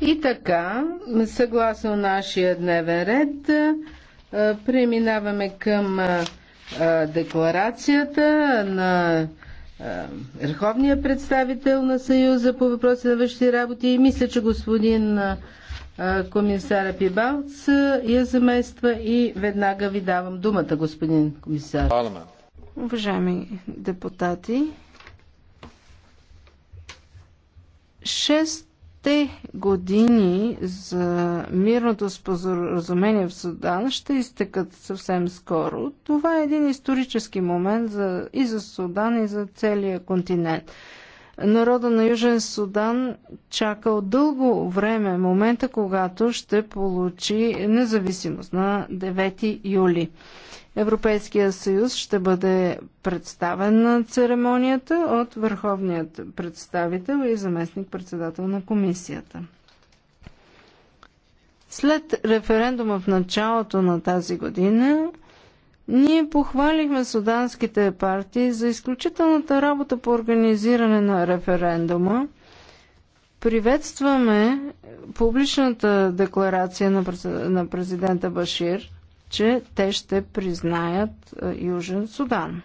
И така, съгласно нашия дневен ред, преминаваме към декларацията на Върховния представител на Съюза по въпроси на външни работи и мисля, че господин комисар Пибалц я замества и веднага ви давам думата, господин комисар. Уважаеми депутати, шесте години за мирното споразумение в Судан ще изтекат съвсем скоро. Това е един исторически момент за, и за Судан, и за целия континент. Народа на Южен Судан чакал дълго време момента, когато ще получи независимост на 9 юли. Европейския съюз ще бъде представен на церемонията от върховният представител и заместник-председател на комисията. След референдума в началото на тази година ние похвалихме суданските партии за изключителната работа по организиране на референдума. Приветстваме публичната декларация на президента Башир, че те ще признаят е, Южен Судан.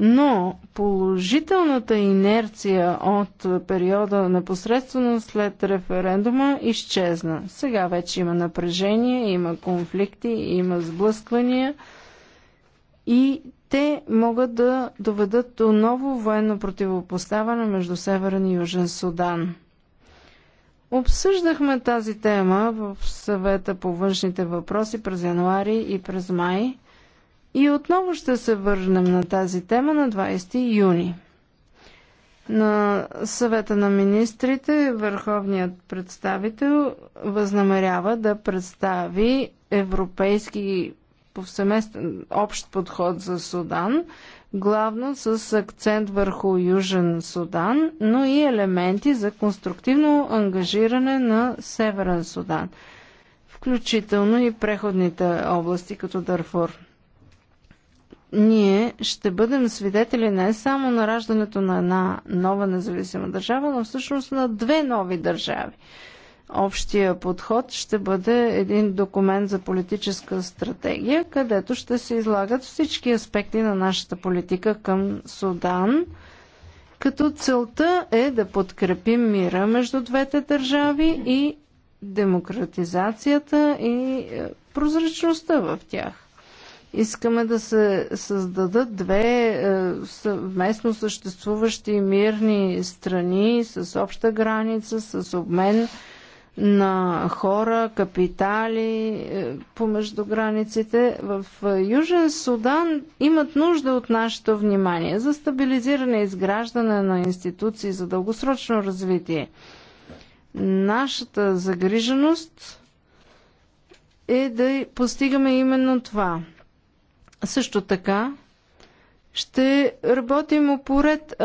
Но положителната инерция от периода непосредствено след референдума изчезна. Сега вече има напрежение, има конфликти, има сблъсквания и те могат да доведат до ново военно противопоставане между Северен и Южен Судан. Обсъждахме тази тема в съвета по външните въпроси през януари и през май – и отново ще се върнем на тази тема на 20 юни. На съвета на министрите върховният представител възнамерява да представи европейски повсеместен общ подход за Судан, главно с акцент върху Южен Судан, но и елементи за конструктивно ангажиране на Северен Судан, включително и преходните области като Дарфур ние ще бъдем свидетели не само на раждането на една нова независима държава, но всъщност на две нови държави. Общия подход ще бъде един документ за политическа стратегия, където ще се излагат всички аспекти на нашата политика към Судан, като целта е да подкрепим мира между двете държави и демократизацията и е, прозрачността в тях. Искаме да се създадат две е, съвместно съществуващи мирни страни с обща граница, с обмен на хора, капитали е, помежду границите. В е, Южен Судан имат нужда от нашето внимание за стабилизиране и изграждане на институции за дългосрочно развитие. Нашата загриженост е да постигаме именно това – също така ще работим опоред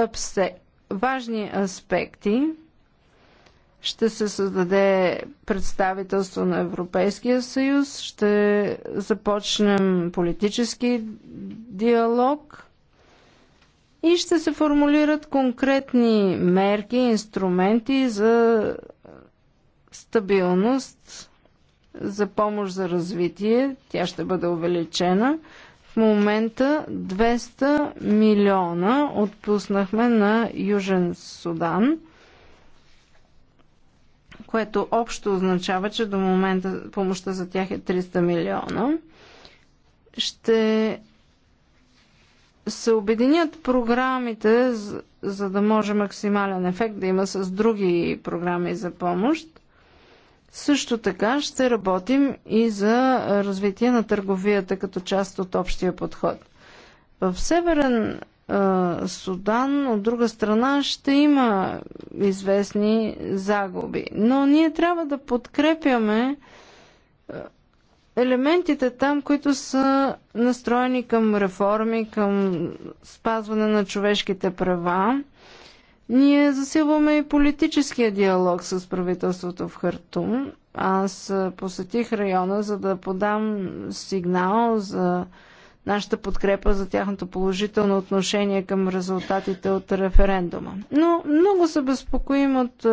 важни аспекти. Ще се създаде представителство на Европейския съюз, ще започнем политически диалог и ще се формулират конкретни мерки, инструменти за стабилност, за помощ за развитие. Тя ще бъде увеличена в момента 200 милиона отпуснахме на Южен Судан, което общо означава, че до момента помощта за тях е 300 милиона. Ще се обединят програмите, за да може максимален ефект да има с други програми за помощ. Също така ще работим и за развитие на търговията като част от общия подход. В Северен Судан, от друга страна, ще има известни загуби. Но ние трябва да подкрепяме елементите там, които са настроени към реформи, към спазване на човешките права ние засилваме и политическия диалог с правителството в Хартум. Аз посетих района, за да подам сигнал за нашата подкрепа за тяхното положително отношение към резултатите от референдума. Но много се безпокоим от е,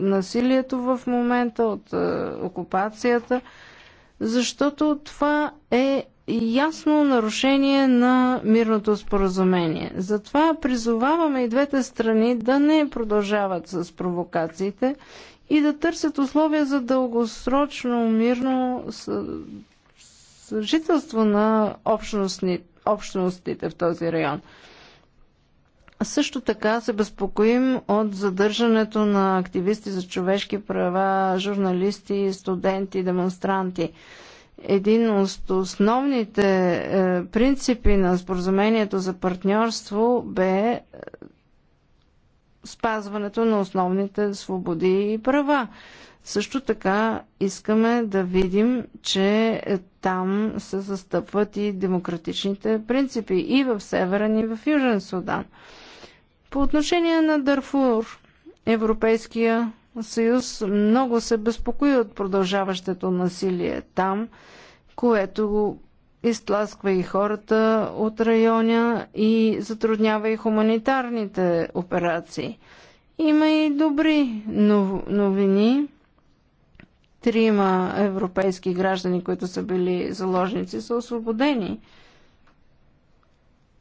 насилието в момента, от е, окупацията, защото това е ясно нарушение на мирното споразумение. Затова призоваваме и двете страни да не продължават с провокациите и да търсят условия за дългосрочно мирно съжителство на общностни, общностите в този район. Също така се безпокоим от задържането на активисти за човешки права, журналисти, студенти, демонстранти един от основните е, принципи на споразумението за партньорство бе е, спазването на основните свободи и права. Също така искаме да видим, че е, там се застъпват и демократичните принципи и в Северен, и в Южен Судан. По отношение на Дарфур, Европейския съюз много се безпокои от продължаващото насилие там, което изтласква и хората от района и затруднява и хуманитарните операции. Има и добри новини. Трима европейски граждани, които са били заложници, са освободени.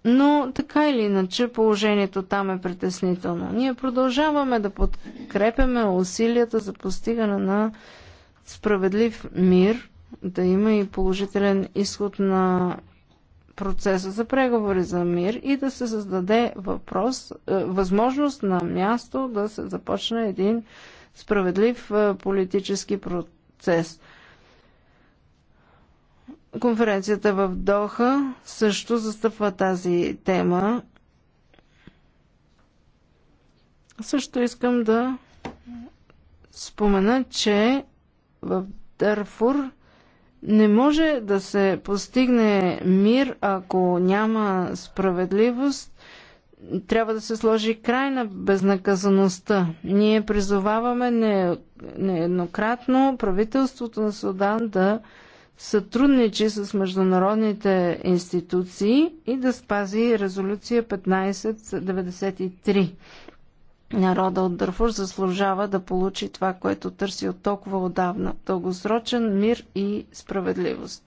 Но така или иначе положението там е притеснително. Ние продължаваме да подкрепяме усилията за постигане на справедлив мир, да има и положителен изход на процеса за преговори за мир и да се създаде въпрос, е, възможност на място да се започне един справедлив е, политически процес. Конференцията в Доха също застъпва тази тема. Също искам да спомена, че в Дарфур не може да се постигне мир, ако няма справедливост. Трябва да се сложи край на безнаказаността. Ние призоваваме нееднократно правителството на Судан да сътрудничи с международните институции и да спази резолюция 1593. Народа от Дърфур заслужава да получи това, което търси от толкова отдавна – дългосрочен мир и справедливост.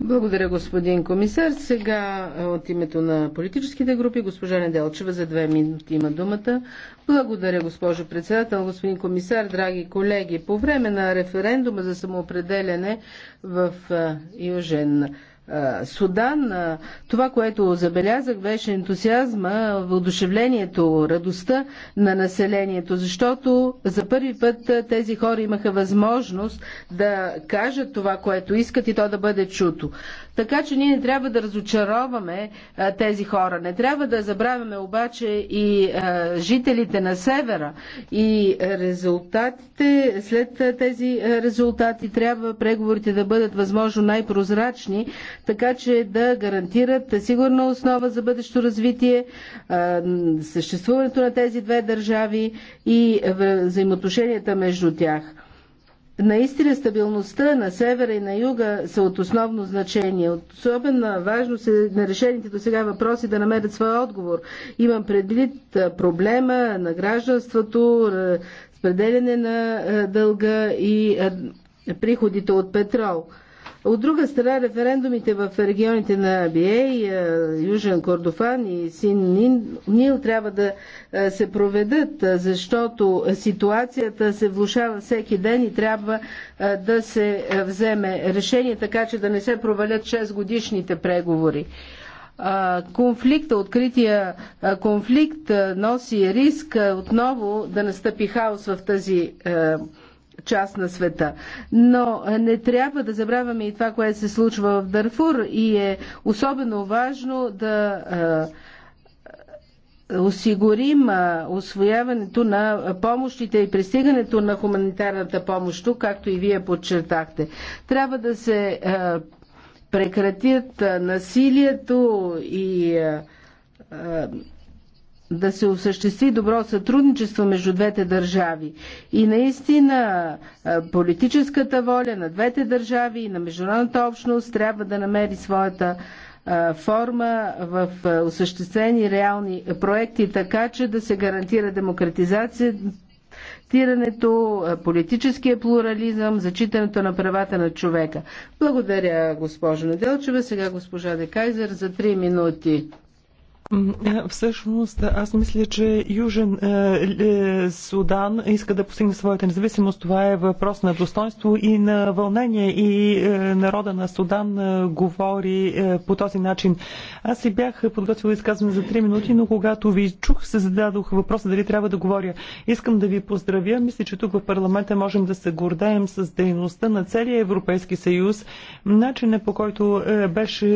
Благодаря, господин комисар. Сега от името на политическите групи госпожа Неделчева за две минути има думата. Благодаря, госпожо председател, господин комисар, драги колеги. По време на референдума за самоопределяне в Южен Судан, това, което забелязах, беше ентусиазма, въодушевлението, радостта на населението, защото за първи път тези хора имаха възможност да кажат това, което искат и то да бъде чуто. Така че ние не трябва да разочароваме а, тези хора. Не трябва да забравяме обаче и а, жителите на севера. И резултатите, след тези резултати трябва преговорите да бъдат възможно най-прозрачни, така че да гарантират сигурна основа за бъдещо развитие, а, съществуването на тези две държави и взаимоотношенията между тях. Наистина стабилността на севера и на юга са от основно значение. От особена важност е на решените до сега въпроси да намерят своя отговор. Имам предвид проблема на гражданството, разпределяне на дълга и приходите от петрол. От друга страна, референдумите в регионите на Абией, е, Южен Кордофан и Син Нил трябва да е, се проведат, е, защото ситуацията се влушава всеки ден и трябва да се вземе решение, така че да не се провалят 6 годишните преговори конфликта, открития конфликт носи риск отново да настъпи хаос в тази част на света. Но е, не трябва да забравяме и това, което се случва в Дарфур и е особено важно да е, осигурим е, освояването на помощите и пристигането на хуманитарната помощ, както и вие подчертахте. Трябва да се прекратят насилието и да се осъществи добро сътрудничество между двете държави. И наистина политическата воля на двете държави и на международната общност трябва да намери своята форма в осъществени реални проекти, така че да се гарантира демократизация политическия плурализъм, зачитането на правата на човека. Благодаря, госпожо Неделчева. Сега госпожа Декайзер за 3 минути. Е, всъщност, аз мисля, че Южен е, е, Судан иска да постигне своята независимост. Това е въпрос на достоинство и на вълнение. И е, народа на Судан е, говори е, по този начин. Аз си бях подготвила изказване за 3 минути, но когато ви чух, се зададох въпроса дали трябва да говоря. Искам да ви поздравя. Мисля, че тук в парламента можем да се гордаем с дейността на целия Европейски съюз. Начинът по който беше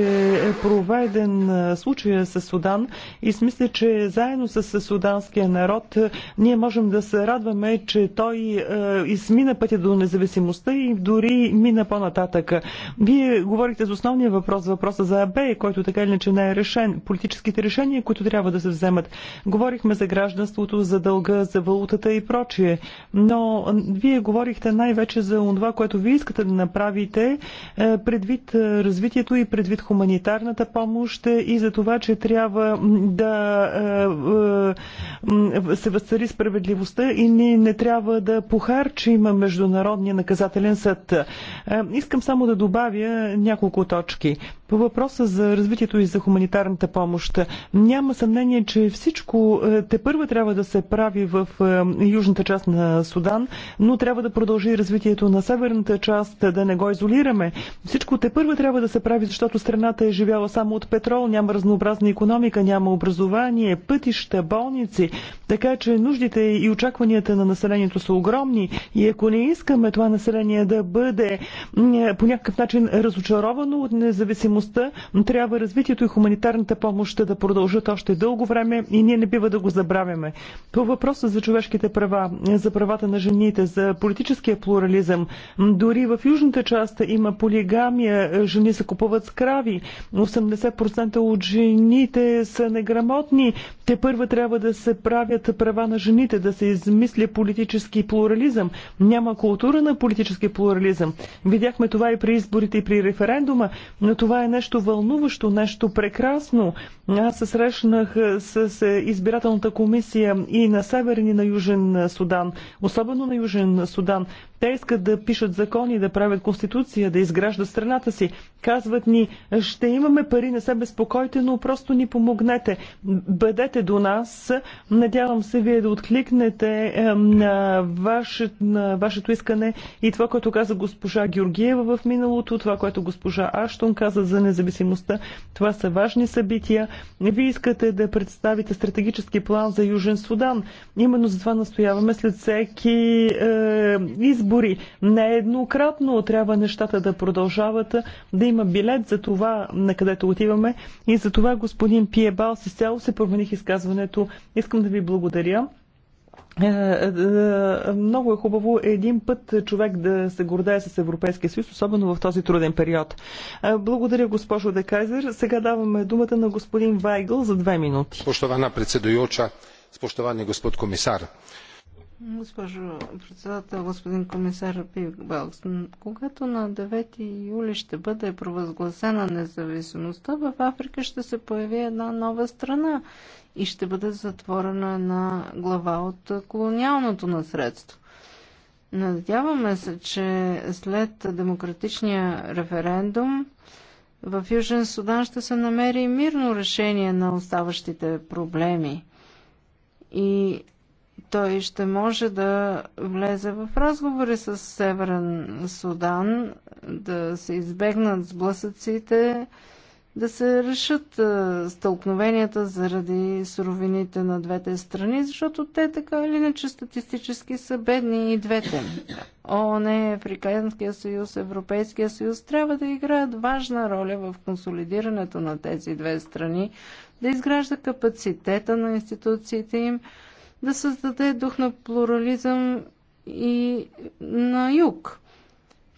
проведен случая с Судан и си мисля, че заедно с суданския народ е, ние можем да се радваме, че той е, измина пътя до независимостта и дори мина по-нататък. Вие говорите за основния въпрос, въпроса за АБ, който така или иначе не е решен. Политическите решения, които трябва да се вземат. Говорихме за гражданството, за дълга, за валутата и прочие. Но е, вие говорихте най-вече за това, което вие искате да направите предвид развитието и предвид хуманитарната помощ и за това, че трябва да е, е, се възцари справедливостта и ние не трябва да похарчим Международния наказателен съд. Е, искам само да добавя няколко точки. По въпроса за развитието и за хуманитарната помощ, няма съмнение, че всичко е, те първа трябва да се прави в е, южната част на Судан, но трябва да продължи развитието на северната част, да не го изолираме. Всичко те първа трябва да се прави, защото страната е живяла само от петрол, няма разнообразна економика, няма образование, пътища, болници, така че нуждите и очакванията на населението са огромни и ако не искаме това население да бъде е, по някакъв начин разочаровано от независимо но трябва развитието и хуманитарната помощ да продължат още дълго време и ние не бива да го забравяме. По въпроса за човешките права, за правата на жените, за политическия плурализъм, дори в южната част има полигамия, жени се купуват скрави, 80% от жените са неграмотни, те първа трябва да се правят права на жените, да се измисля политически плурализъм. Няма култура на политически плурализъм. Видяхме това и при изборите, и при референдума, но това е е нещо вълнуващо, нещо прекрасно. Аз се срещнах е, с е, избирателната комисия и на Северни, и на Южен Судан, особено на Южен Судан. Те искат да пишат закони, да правят конституция, да изграждат страната си. Казват ни, ще имаме пари, не се безпокойте, но просто ни помогнете. Бъдете до нас. Надявам се вие да откликнете на, ваше, на вашето искане и това, което каза госпожа Георгиева в миналото, това, което госпожа Аштон каза за независимостта. Това са важни събития. Вие искате да представите стратегически план за Южен Судан. Именно за това настояваме след всеки е, избор избори. еднократно, трябва нещата да продължават, да има билет за това, на където отиваме. И за това, господин Пиебал, с цяло се промених изказването. Искам да ви благодаря. Е, е, много е хубаво един път човек да се гордее с Европейския съюз, особено в този труден период. Е, благодаря, госпожо Декайзер. Сега даваме думата на господин Вайгъл за две минути. Спощована председуюча, спощовани господ комисар. Госпожо председател, господин комисар Пибалс, когато на 9 юли ще бъде провъзгласена независимостта, в Африка ще се появи една нова страна и ще бъде затворена една глава от колониалното наследство. Надяваме се, че след демократичния референдум в Южен Судан ще се намери мирно решение на оставащите проблеми. И той ще може да влезе в разговори с Северен Судан, да се избегнат сблъсъците, да се решат стълкновенията заради суровините на двете страни, защото те така или иначе статистически са бедни и двете. ООН, Африканския съюз, Европейския съюз трябва да играят важна роля в консолидирането на тези две страни, да изгражда капацитета на институциите им, да създаде дух на плурализъм и на юг.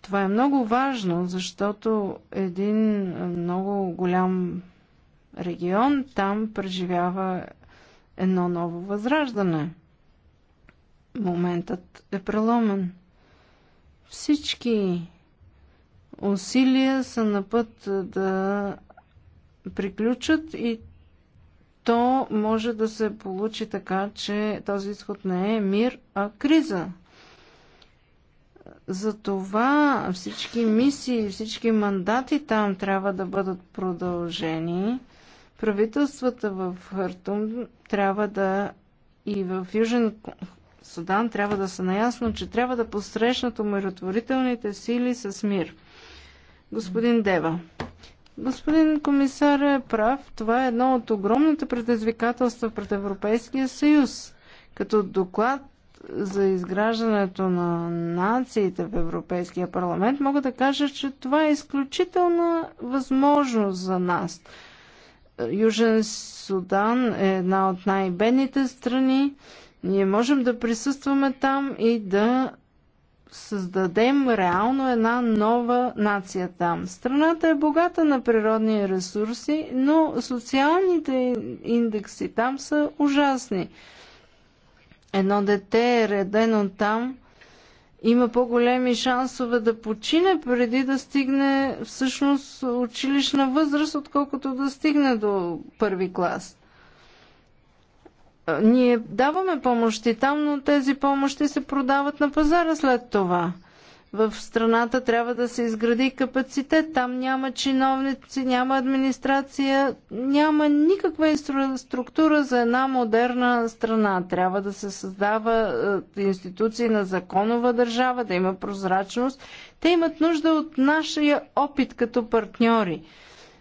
Това е много важно, защото един много голям регион там преживява едно ново възраждане. Моментът е преломен. Всички усилия са на път да приключат и то може да се получи така, че този изход не е мир, а криза. Затова всички мисии, всички мандати там трябва да бъдат продължени. Правителствата в Хартум трябва да и в Южен Судан трябва да са наясно, че трябва да посрещнат умиротворителните сили с мир. Господин Дева, Господин комисар е прав. Това е едно от огромните предизвикателства пред Европейския съюз. Като доклад за изграждането на нациите в Европейския парламент, мога да кажа, че това е изключителна възможност за нас. Южен Судан е една от най-бедните страни. Ние можем да присъстваме там и да създадем реално една нова нация там. Страната е богата на природни ресурси, но социалните индекси там са ужасни. Едно дете е редено там, има по-големи шансове да почине преди да стигне всъщност училищна възраст, отколкото да стигне до първи клас. Ние даваме помощи там, но тези помощи се продават на пазара след това. В страната трябва да се изгради капацитет. Там няма чиновници, няма администрация, няма никаква инструктура за една модерна страна. Трябва да се създава е, институции на законова държава, да има прозрачност. Те имат нужда от нашия опит като партньори.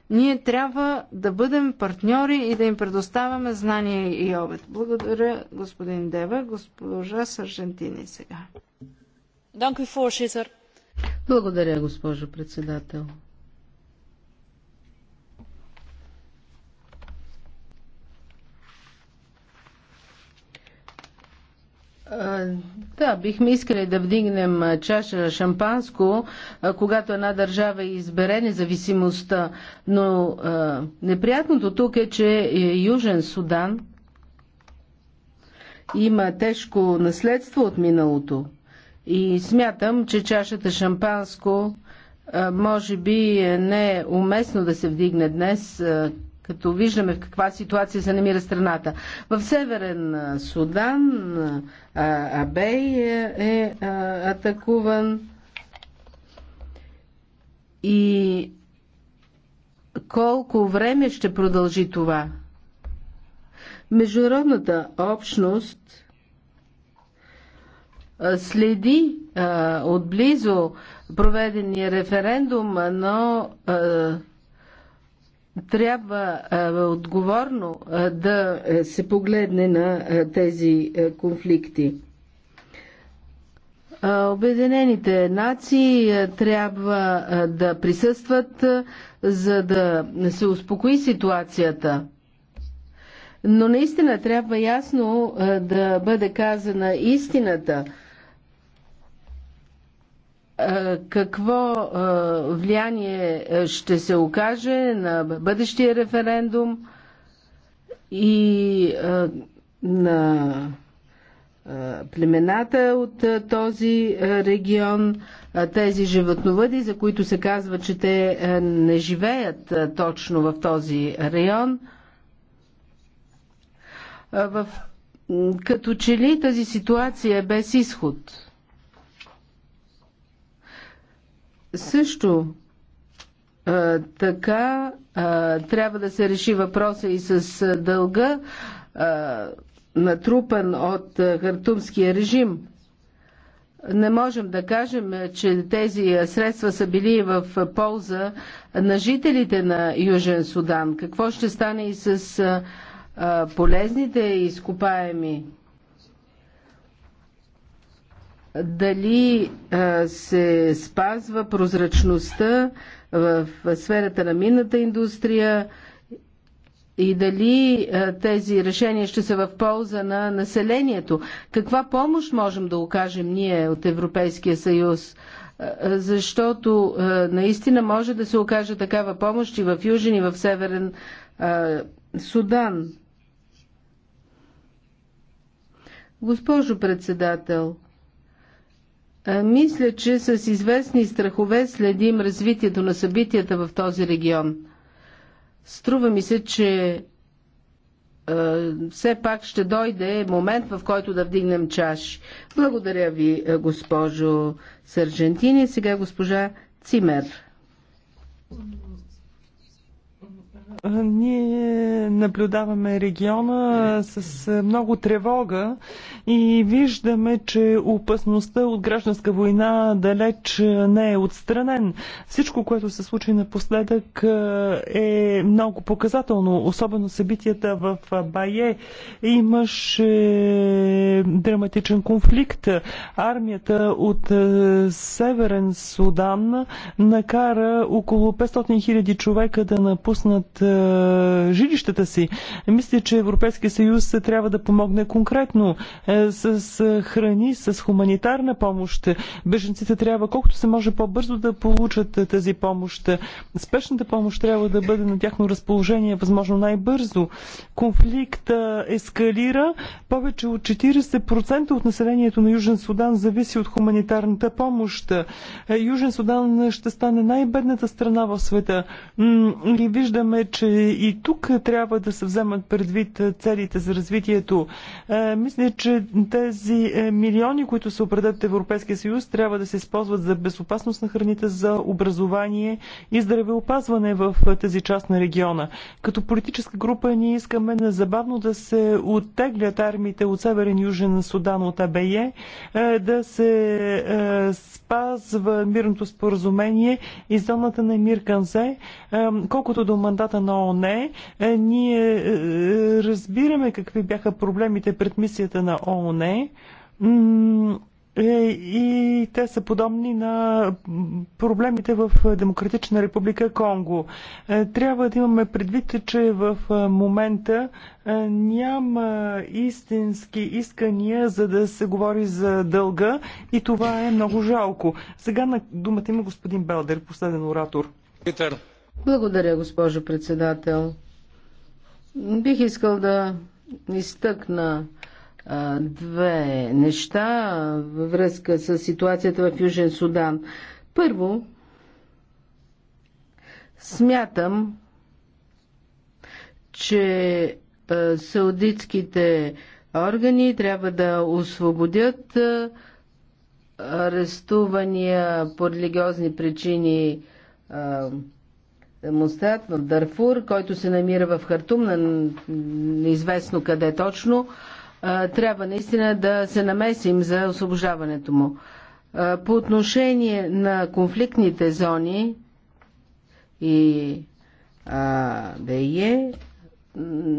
Ние трябва да бъдем партньори и да им предоставяме знания и обед. Благодаря, господин Дева. Госпожа Саржентини сега. Благодаря, госпожо председател. Да, бихме искали да вдигнем чаша шампанско, когато една държава е избере независимостта. Но неприятното тук е, че е, Южен Судан има тежко наследство от миналото. И смятам, че чашата шампанско може би е, не е уместно да се вдигне днес като виждаме в каква ситуация се намира страната. В Северен Судан Абей е, е атакуван и колко време ще продължи това? Международната общност следи отблизо проведения референдум, но а, трябва отговорно да е, се погледне на тези конфликти. Обединените нации трябва да присъстват, за да се успокои ситуацията. Но наистина трябва ясно да бъде казана истината. Е, какво е, влияние е, ще се окаже на бъдещия референдум и на племената от този регион, тези животновъди, за които се казва, че те не живеят точно в този район. В... Като че ли тази ситуация е без изход? Също така трябва да се реши въпроса и с дълга, натрупан от хартумския режим. Не можем да кажем, че тези средства са били в полза на жителите на Южен Судан. Какво ще стане и с полезните изкопаеми? дали се спазва прозрачността в сферата на минната индустрия и дали тези решения ще са в полза на населението. Каква помощ можем да окажем ние от Европейския съюз? Защото наистина може да се окаже такава помощ и в Южен и в Северен Судан. Госпожо председател, мисля, че с известни страхове следим развитието на събитията в този регион. Струва ми се, че все пак ще дойде момент, в който да вдигнем чаш. Благодаря ви, госпожо Сержантини. Сега госпожа Цимер. Ние наблюдаваме региона с е, много тревога и виждаме, че опасността от гражданска война далеч не е отстранен. Всичко, което се случи напоследък е, е много показателно, особено събитията в Бае. Имаше драматичен конфликт. Армията от е, Северен Судан накара около 500 000 човека да напуснат е, жилищата си. Мисля, че Европейския съюз трябва да помогне конкретно е, с храни, с хуманитарна помощ. Беженците трябва колкото се може по-бързо да получат тази помощ. Спешната помощ трябва да бъде на тяхно разположение възможно най-бързо. Конфликта ескалира. Повече от 40% от населението на Южен Судан зависи от хуманитарната помощ. Е, Южен Судан ще стане най-бедната страна в света. И виждаме, че и тук трябва да се вземат предвид целите за развитието. Мисля, че тези е, милиони, които се определят в Европейския съюз, трябва да се използват за безопасност на храните, за образование и здравеопазване в тази част на региона. Като политическа група ние искаме незабавно да се оттеглят армиите от Северен Южен Судан от АБЕ, е, да се е, спазва мирното споразумение и зоната на Мир Канзе, колкото до мандата на на ООН. Е, ние е, е, разбираме какви бяха проблемите пред мисията на ООН. И те са подобни на проблемите в Демократична република Конго. Трябва да имаме предвид, че в момента няма истински искания за да се говори за дълга и това е много жалко. Сега на думата има господин Белдер, последен оратор. Питър, благодаря, госпожо председател. Бих искал да изтъкна две неща във връзка с ситуацията в Южен Судан. Първо, смятам, че саудитските органи трябва да освободят арестувания по религиозни причини Мустат в Дарфур, който се намира в Хартум, на неизвестно къде точно, трябва наистина да се намесим за освобождаването му. По отношение на конфликтните зони и е,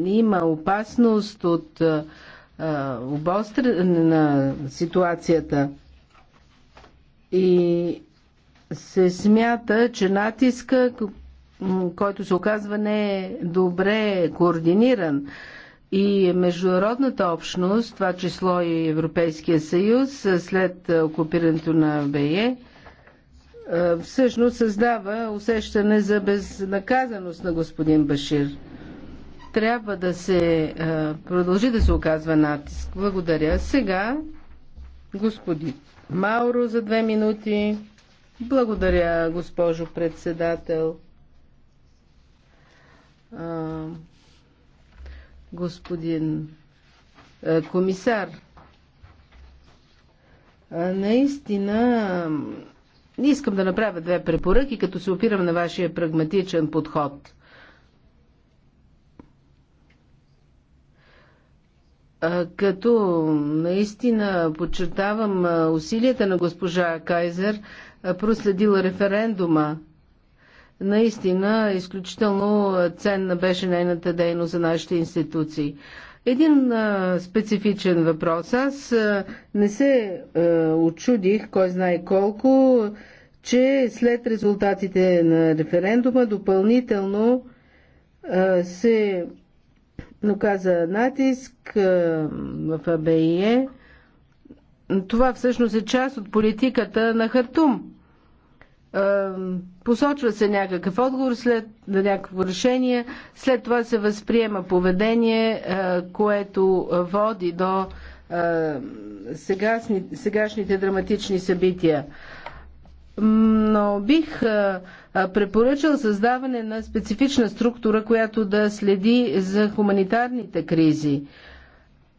има опасност от обостряне на ситуацията и се смята, че натиска, който се оказва не е добре координиран. И международната общност, това число и Европейския съюз, след окупирането на БЕ, е, всъщност създава усещане за безнаказаност на господин Башир. Трябва да се е, продължи да се оказва натиск. Благодаря. Сега, господин Мауро, за две минути. Благодаря, госпожо председател господин а, комисар. А, наистина, не искам да направя две препоръки, като се опирам на вашия прагматичен подход. като наистина подчертавам усилията на госпожа Кайзер, проследила референдума Наистина, изключително ценна беше нейната дейност за нашите институции. Един а, специфичен въпрос. Аз а, не се а, очудих, кой знае колко, че след резултатите на референдума допълнително а, се оказа натиск а, в АБИЕ. Е. Това всъщност е част от политиката на Хартум посочва се някакъв отговор след на някакво решение, след това се възприема поведение, което води до сегашни, сегашните драматични събития. Но бих препоръчал създаване на специфична структура, която да следи за хуманитарните кризи.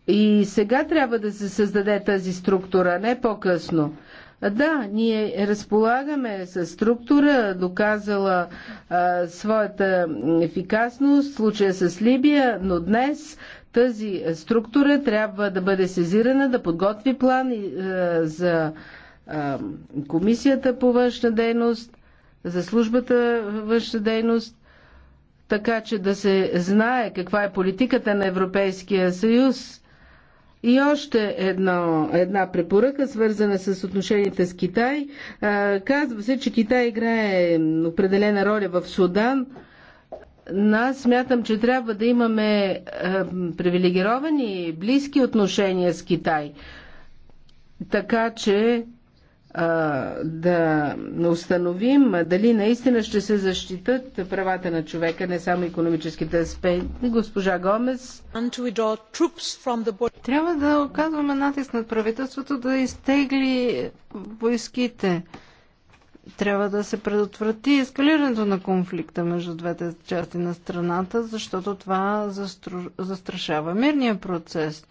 И сега трябва да се създаде тази структура, не по-късно. Да, ние разполагаме с структура, доказала а, своята ефикасност, случая с Либия, но днес тази структура трябва да бъде сезирана, да подготви план а, за а, Комисията по външна дейност, за службата външна дейност, така че да се знае каква е политиката на Европейския съюз и още едно, една препоръка, свързана с отношенията с Китай. Казва се, че Китай играе определена роля в Судан, аз смятам, че трябва да имаме привилегировани, близки отношения с Китай. Така че да установим дали наистина ще се защитат правата на човека, не само економическите аспекти. Госпожа Гомес. Трябва да оказваме натиск над правителството да изтегли войските. Трябва да се предотврати ескалирането на конфликта между двете части на страната, защото това застрашава мирния процес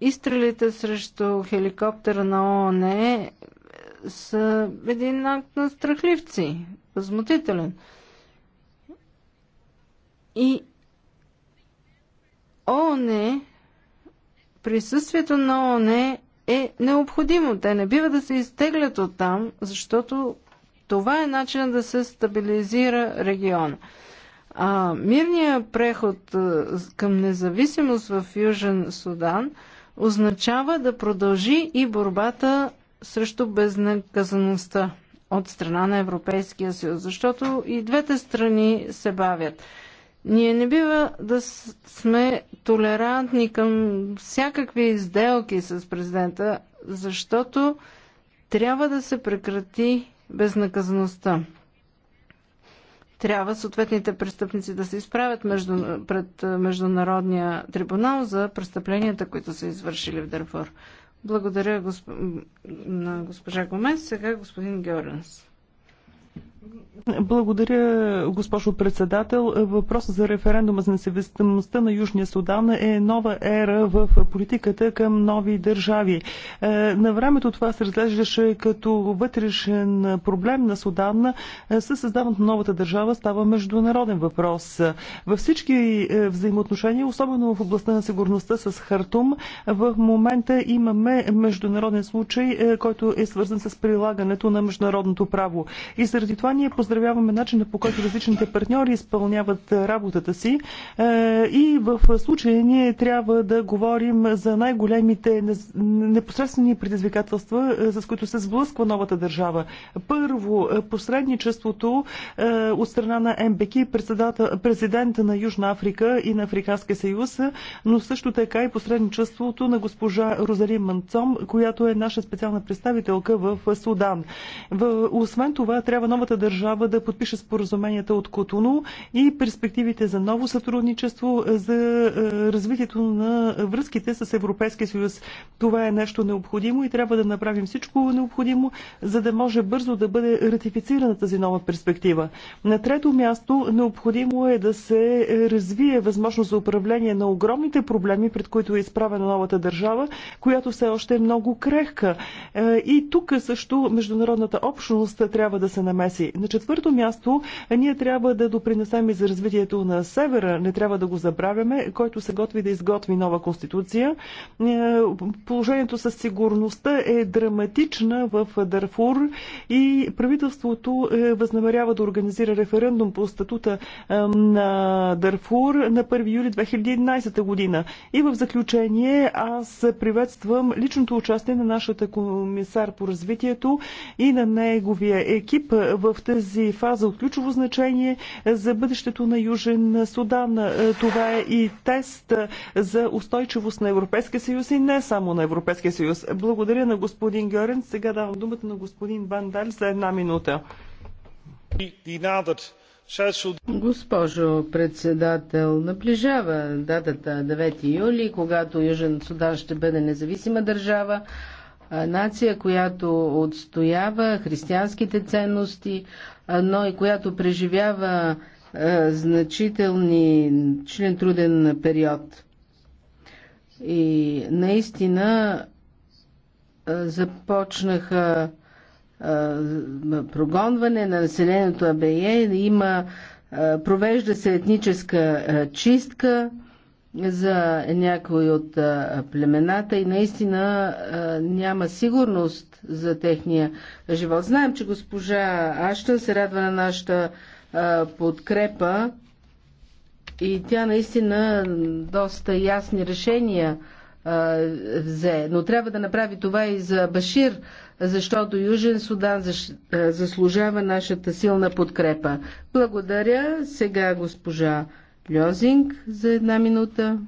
изстрелите срещу хеликоптера на ООН са един акт на страхливци, възмутителен. И ООН, присъствието на ООН е необходимо. Те не бива да се изтеглят от там, защото това е начинът да се стабилизира региона. А мирният преход към независимост в Южен Судан – означава да продължи и борбата срещу безнаказаността от страна на Европейския съюз, защото и двете страни се бавят. Ние не бива да сме толерантни към всякакви изделки с президента, защото трябва да се прекрати безнаказаността трябва съответните престъпници да се изправят между, пред Международния трибунал за престъпленията, които са извършили в Дърфор. Благодаря госп... на госпожа Гомес. Сега господин Георенс. Благодаря, госпожо председател. Въпросът за референдума за независимостта на Южния Судан е нова ера в политиката към нови държави. Е, на времето това се разглеждаше като вътрешен проблем на Судан. Е, със създаването на новата държава става международен въпрос. Във всички е, взаимоотношения, особено в областта на сигурността с Хартум, в момента имаме международен случай, който е свързан с прилагането на международното право. И заради това ние поздравяваме начина по който различните партньори изпълняват е, работата си е, и в случая ние трябва да говорим за най-големите непосредствени предизвикателства, е, с които се сблъсква новата държава. Първо, посредничеството от страна на МБК, президента на Южна Африка и на Африканския съюз, но също така и посредничеството на госпожа Розали Манцом, която е наша специална представителка в Судан. Освен това, трябва новата държава държава да подпише споразуменията от Котуно и перспективите за ново сътрудничество за е, развитието на връзките с Европейския съюз. Това е нещо необходимо и трябва да направим всичко необходимо, за да може бързо да бъде ратифицирана тази нова перспектива. На трето място необходимо е да се развие възможност за управление на огромните проблеми, пред които е изправена новата държава, която все още е много крехка. Е, и тук също международната общност трябва да се намеси. На четвърто място, ние трябва да допринесем и за развитието на Севера. Не трябва да го забравяме, който се готви да изготви нова конституция. Е, положението със сигурността е драматична в Дарфур и правителството е, възнамерява да организира референдум по статута е, на Дарфур на 1 юли 2011 година. И в заключение аз приветствам личното участие на нашата комисар по развитието и на неговия екип в в тази фаза от ключово значение за бъдещето на Южен Судан. Това е и тест за устойчивост на Европейския съюз и не само на Европейския съюз. Благодаря на господин Гьорен. Сега давам думата на господин Бандаль за една минута. Госпожо председател, наближава датата 9 юли, когато Южен Судан ще бъде независима държава нация, която отстоява християнските ценности, но и която преживява значителни член труден период. И наистина започнаха прогонване на населението Абее, има, провежда се етническа чистка, за някои от племената и наистина няма сигурност за техния живот. Знаем, че госпожа Аштън се радва на нашата подкрепа и тя наистина доста ясни решения взе. Но трябва да направи това и за Башир, защото Южен Судан заслужава нашата силна подкрепа. Благодаря. Сега госпожа Льозинг за една минута.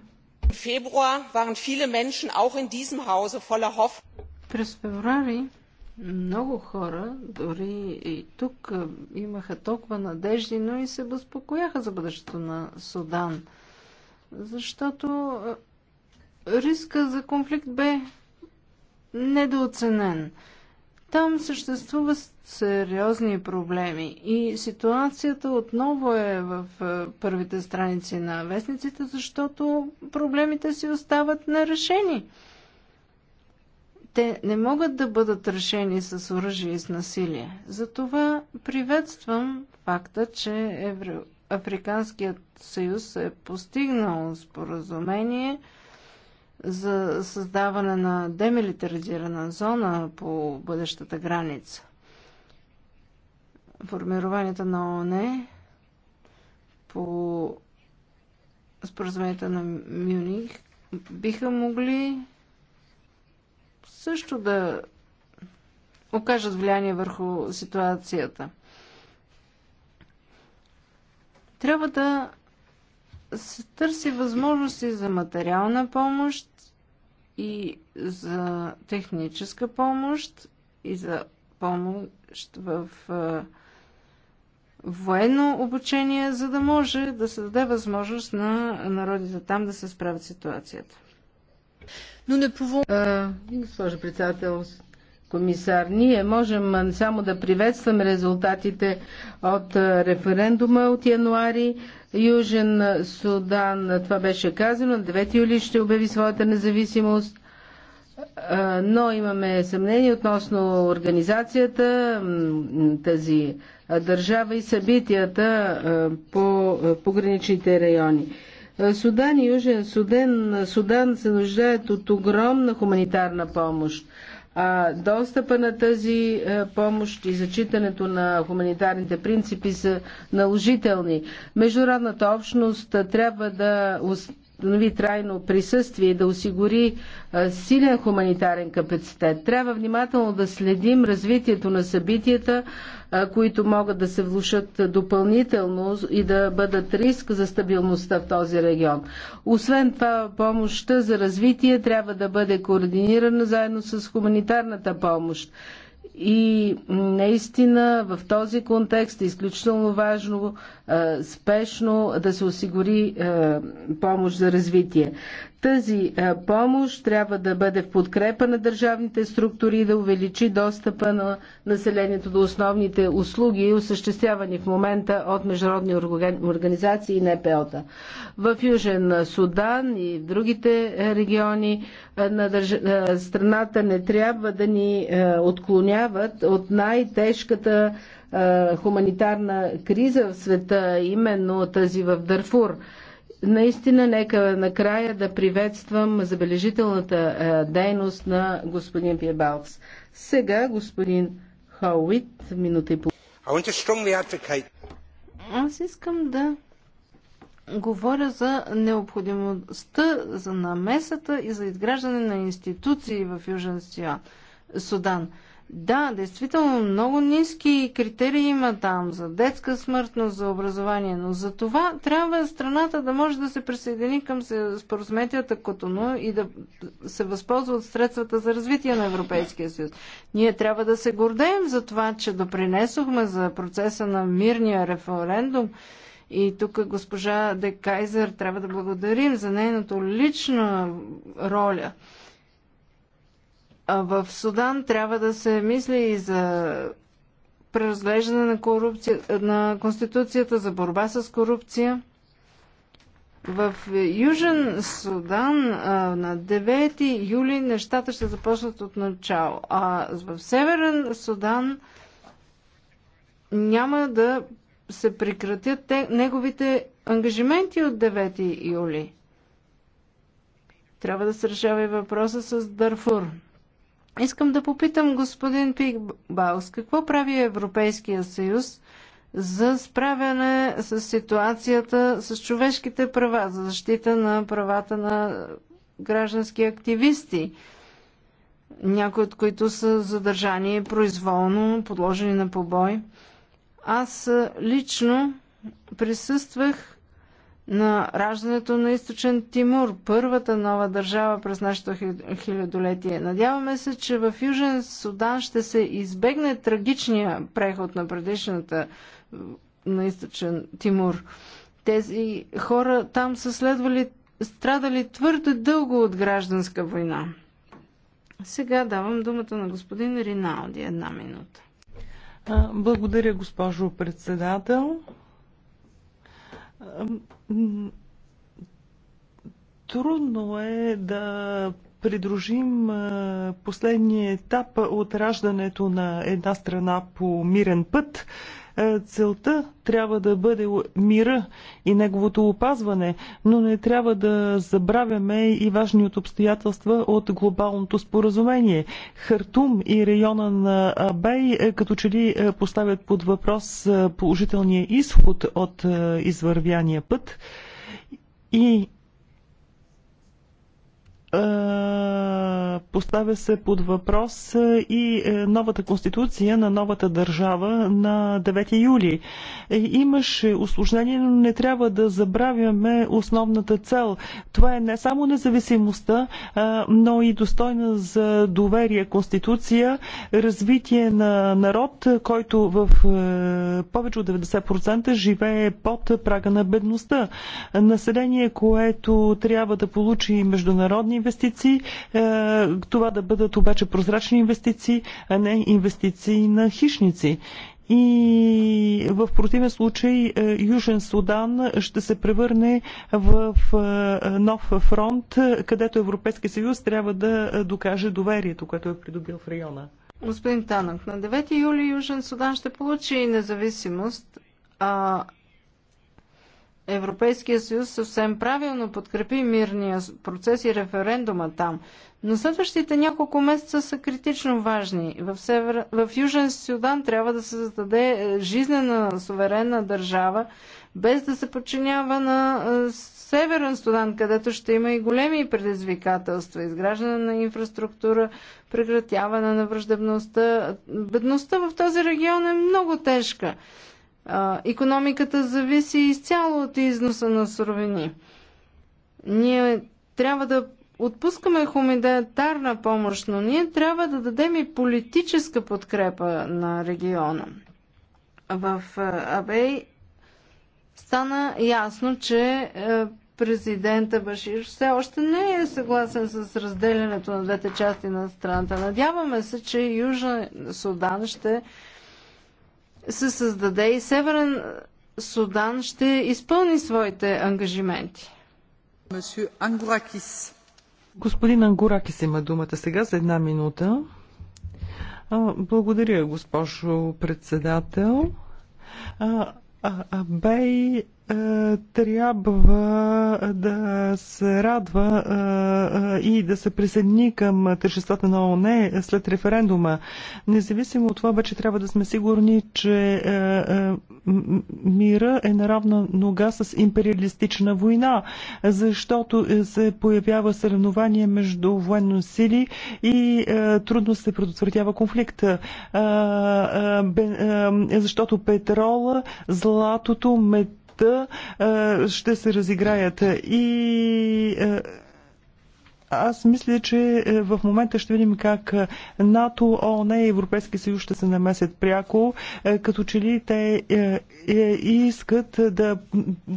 През февруари много хора, дори и тук, имаха толкова надежди, но и се безпокояха за бъдещето на Судан. Защото риска за конфликт бе недооценен. Там съществуват сериозни проблеми и ситуацията отново е в първите страници на вестниците, защото проблемите си остават нерешени. Те не могат да бъдат решени с оръжие и с насилие. Затова приветствам факта, че Евро... Африканският съюз е постигнал споразумение – за създаване на демилитаризирана зона по бъдещата граница. Формированията на ООН по споразумението на Мюних биха могли също да окажат влияние върху ситуацията. Трябва да се търси възможности за материална помощ и за техническа помощ и за помощ в военно обучение, за да може да се даде възможност на народите там да се справят ситуацията. Но не повод... Госпожо председател, комисар, ние можем само да приветстваме резултатите от референдума от януари. Южен Судан, това беше казано, на 9 юли ще обяви своята независимост, но имаме съмнение относно организацията, тази държава и събитията по пограничните райони. Судан и Южен Суден, Судан се нуждаят от огромна хуманитарна помощ. А достъпа на тази е, помощ и зачитането на хуманитарните принципи са наложителни. Международната общност е, трябва да установи трайно присъствие и да осигури силен хуманитарен капацитет. Трябва внимателно да следим развитието на събитията, които могат да се влушат допълнително и да бъдат риск за стабилността в този регион. Освен това, помощта за развитие трябва да бъде координирана заедно с хуманитарната помощ. И наистина в този контекст е изключително важно спешно да се осигури помощ за развитие. Тази помощ трябва да бъде в подкрепа на държавните структури и да увеличи достъпа на населението до основните услуги, осъществявани в момента от международни организации и НПО-та. В Южен Судан и в другите региони на държ... страната не трябва да ни отклоняват от най-тежката хуманитарна криза в света, именно тази в Дарфур. Наистина, нека накрая да приветствам забележителната дейност на господин Пиебалц. Сега господин Хауит, минута и половина. Аз искам да говоря за необходимостта за намесата и за изграждане на институции в Южен Судан. Да, действително много ниски критерии има там за детска смъртност, за образование, но за това трябва страната да може да се присъедини към споразуметията Котону и да се възползва от средствата за развитие на Европейския съюз. Ние трябва да се гордеем за това, че допринесохме за процеса на мирния референдум и тук госпожа Декайзер, трябва да благодарим за нейната лична роля – в Судан трябва да се мисли и за преразглеждане на, на Конституцията, за борба с корупция. В Южен Судан на 9 юли нещата ще започнат от начало, а в Северен Судан няма да се прекратят те, неговите ангажименти от 9 юли. Трябва да се решава и въпроса с Дарфур. Искам да попитам господин Пикбаус, какво прави Европейския съюз за справяне с ситуацията с човешките права, за защита на правата на граждански активисти, някои от които са задържани произволно, подложени на побой. Аз лично присъствах на раждането на източен Тимур, първата нова държава през нашето хилядолетие. Надяваме се, че в Южен Судан ще се избегне трагичния преход на предишната на източен Тимур. Тези хора там са следвали, страдали твърде дълго от гражданска война. Сега давам думата на господин Риналди. Една минута. Благодаря, госпожо председател. Трудно е да придружим последния етап от раждането на една страна по мирен път е, целта трябва да бъде мира и неговото опазване, но не трябва да забравяме и важни от обстоятелства от глобалното споразумение. Хартум и района на Абей е, като че ли е, поставят под въпрос положителния изход от извървяния път и поставя се под въпрос и е, новата конституция на новата държава на 9 юли. Е, имаше осложнение, но не трябва да забравяме основната цел. Това е не само независимостта, но и достойна за доверие конституция, развитие на народ, който в е, повече от 90% живее под прага на бедността. Население, което трябва да получи международни инвестиции, е, това да бъдат обаче прозрачни инвестиции, а не инвестиции на хищници. И в противен случай е, Южен Судан ще се превърне в е, нов фронт, където Европейския съюз трябва да докаже доверието, което е придобил в района. Господин Танък, на 9 юли Южен Судан ще получи независимост, а Европейския съюз съвсем правилно подкрепи мирния процес и референдума там. Но следващите няколко месеца са критично важни. В, север... в Южен Судан трябва да се зададе е, жизнена, суверенна държава, без да се подчинява на е, Северен Судан, където ще има и големи предизвикателства. Изграждане на инфраструктура, прекратяване на враждебността. Бедността в този регион е много тежка. Економиката зависи изцяло от износа на суровини. Ние трябва да отпускаме хуманитарна помощ, но ние трябва да дадем и политическа подкрепа на региона. В Абей стана ясно, че е, президента Башир все още не е съгласен с разделянето на двете части на страната. Надяваме се, че Южен Судан ще се създаде и Северен Судан ще изпълни своите ангажименти. Господин Ангуракис има думата сега за една минута. благодаря, госпожо председател. Абей е, трябва да се радва е, и да се присъедини към тържествата на ООН след референдума. Независимо от това, обаче трябва да сме сигурни, че е, мира е на равна нога с империалистична война, защото се появява съревнование между военно сили и трудно се предотвратява конфликт. Защото петрола, златото, мет ще се разиграят и аз мисля, че е, в момента ще видим как е, НАТО, ООН и Европейски съюз ще се намесят пряко, е, като че ли те искат да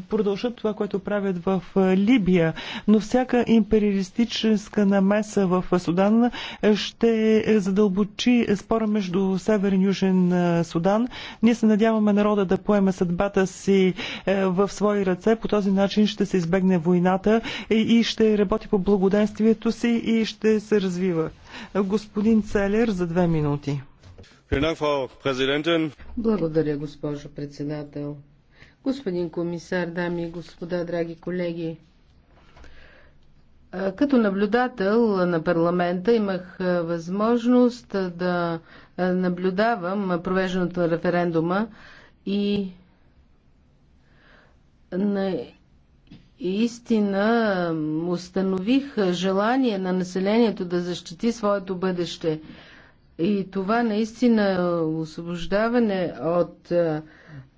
продължат това, което правят в Либия, но всяка империалистическа намеса в Судан ще задълбочи спора между Север и Южен Судан. Ние се надяваме народа да поеме съдбата си в свои ръце. По този начин ще се избегне войната и ще работи по благоденствие въздействието си и ще се развива. Господин Целер за две минути. Благодаря, госпожо председател. Господин комисар, дами и господа, драги колеги, като наблюдател на парламента имах възможност да наблюдавам провеждането на референдума и на истина установих желание на населението да защити своето бъдеще. И това наистина е освобождаване от а,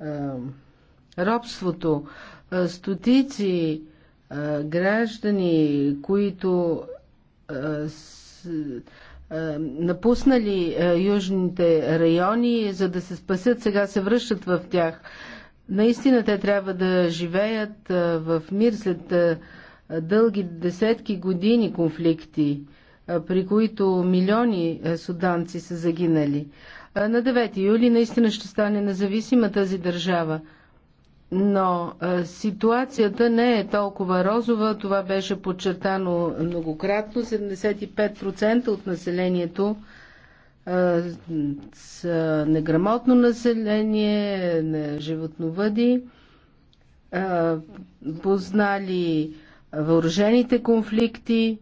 а, робството, а, стотици а, граждани, които а, с, а, напуснали а, южните райони, за да се спасят, сега се връщат в тях. А, Наистина те трябва да живеят в мир след дълги десетки години конфликти, при които милиони суданци са загинали. На 9 юли наистина ще стане независима тази държава. Но ситуацията не е толкова розова, това беше подчертано многократно. 75% от населението с неграмотно население, на животновъди, познали въоръжените конфликти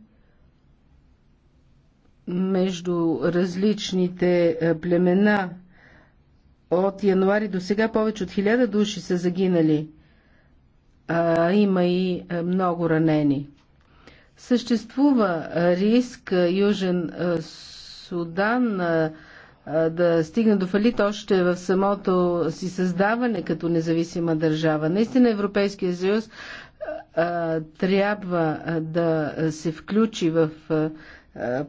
между различните племена. От януари до сега повече от хиляда души са загинали, а има и много ранени. Съществува риск Южен Судан да стигне до фалит още в самото си създаване като независима държава. Наистина Европейския съюз трябва да се включи в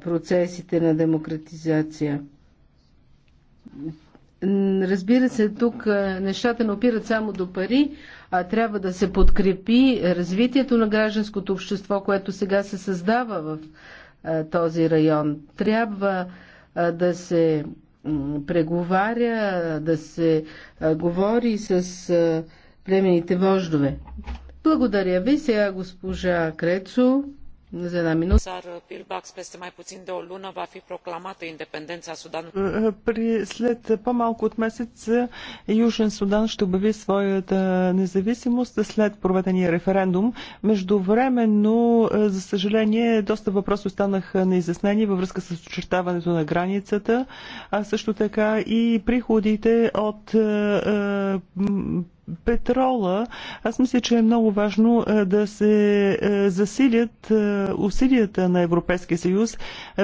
процесите на демократизация. Разбира се, тук нещата не опират само до пари, а трябва да се подкрепи развитието на гражданското общество, което сега се създава в този район. Трябва да се преговаря, да се говори с племените вождове. Благодаря ви сега госпожа Крецо peste mai de o lună va fi proclamată При, след по-малко от месец е, Южен Судан ще обяви своята независимост след проведения референдум. Междувременно, е, за съжаление, доста въпроси останаха неизяснени във връзка с очертаването на границата, а също така и приходите от е, петрола, аз мисля, че е много важно е, да се е, засилят е, усилията на Европейския съюз.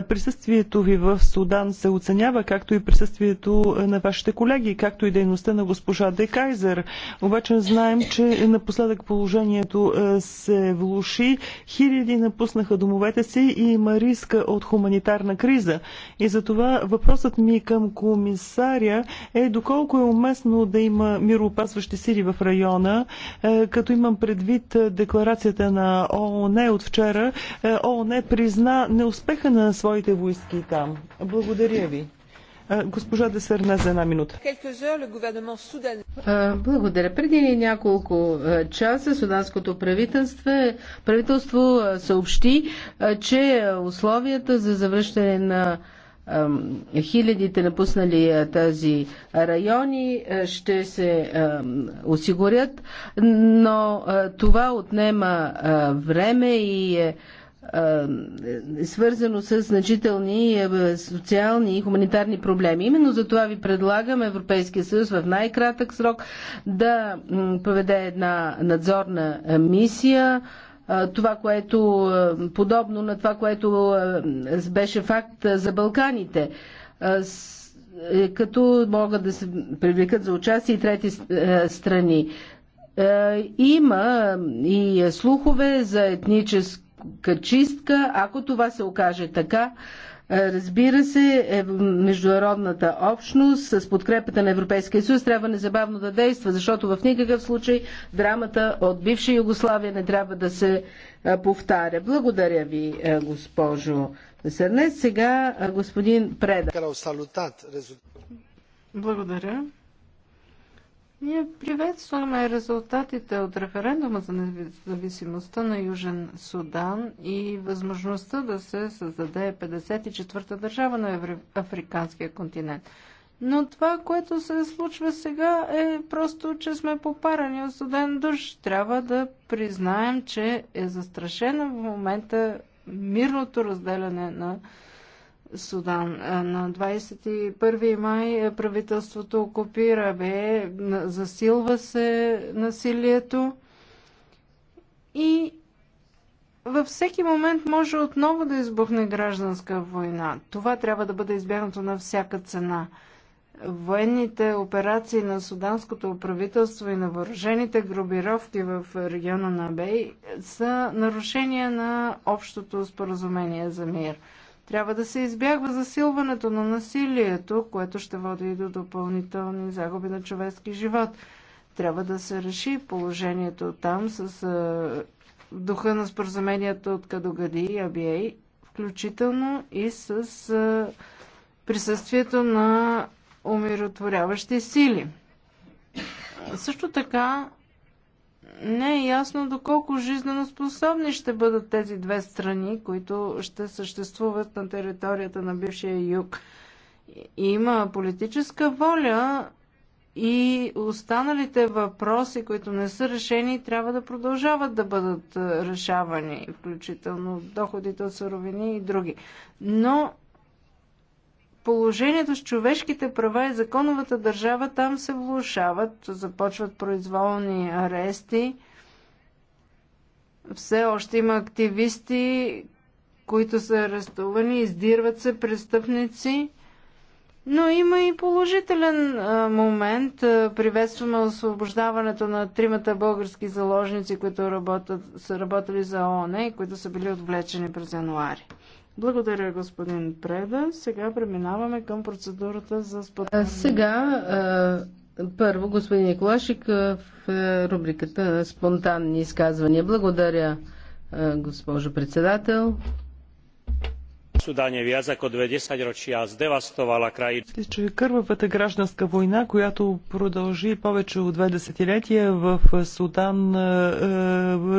Присъствието ви в Судан се оценява, както и присъствието на вашите колеги, както и дейността на госпожа Декайзер. Обаче знаем, че напоследък положението се влуши. Хиляди напуснаха домовете си и има риска от хуманитарна криза. И затова въпросът ми към комисаря е доколко е уместно да има мироопазващи сили мири в района, е, като имам предвид е, декларацията на ООН от вчера, е, ООН призна неуспеха на своите войски там. Благодаря ви. Госпожа Десерна за една минута. Благодаря. Преди няколко часа суданското правителство, правителство съобщи, че условията за завръщане на хилядите напуснали тези райони ще се осигурят, но това отнема време и е, е свързано с значителни е, социални и хуманитарни проблеми. Именно за това ви предлагам Европейския съюз в най-кратък срок да поведе една надзорна мисия това, което подобно на това, което беше факт за Балканите е, като могат да се привлекат за участие и трети е, страни. Има и слухове за етническа чистка. Ако това се окаже така, Разбира се, е, международната общност с подкрепата на Европейския съюз трябва незабавно да действа, защото в никакъв случай драмата от бивша Югославия не трябва да се е, повтаря. Благодаря ви, е, госпожо Сърнес. Сега господин Преда. Благодаря. Ние приветстваме резултатите от референдума за независимостта на Южен Судан и възможността да се създаде 54-та държава на Африканския континент. Но това, което се случва сега е просто, че сме попарани от студен душ. Трябва да признаем, че е застрашено в момента мирното разделяне на Судан. На 21 май е, правителството окупира бе, засилва се насилието и във всеки момент може отново да избухне гражданска война. Това трябва да бъде избягнато на всяка цена. Военните операции на суданското правителство и на въоръжените групировки в региона на Бей са нарушения на общото споразумение за мир – трябва да се избягва засилването на насилието, което ще води и до допълнителни загуби на човешки живот. Трябва да се реши положението там с а, духа на споразумението от Кадогади и Абией, включително и с а, присъствието на умиротворяващи сили. Също така не е ясно доколко жизненно способни ще бъдат тези две страни, които ще съществуват на територията на бившия юг. Има политическа воля и останалите въпроси, които не са решени, трябва да продължават да бъдат решавани, включително доходите от суровини и други. Но положението с човешките права и законовата държава там се влушават, започват произволни арести. Все още има активисти, които са арестувани, издирват се престъпници. Но има и положителен а, момент. Приветстваме освобождаването на тримата български заложници, които работят, са работили за ООН и които са били отвлечени през януари. Благодаря, господин Преда. Сега преминаваме към процедурата за споделяне. Сега първо господин Николашик в е, рубриката Спонтанни изказвания. Благодаря, госпожо председател. Судан е вяз две десетирочия здевастовала краи. Че кървавата гражданска война, която продължи повече от две десетилетия в Судан, е, е,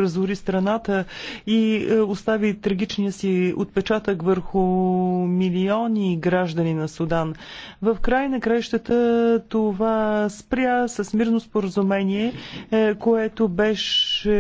разори страната и е, остави трагичния си отпечатък върху милиони граждани на Судан. В край на краищата това спря с мирно споразумение, което беше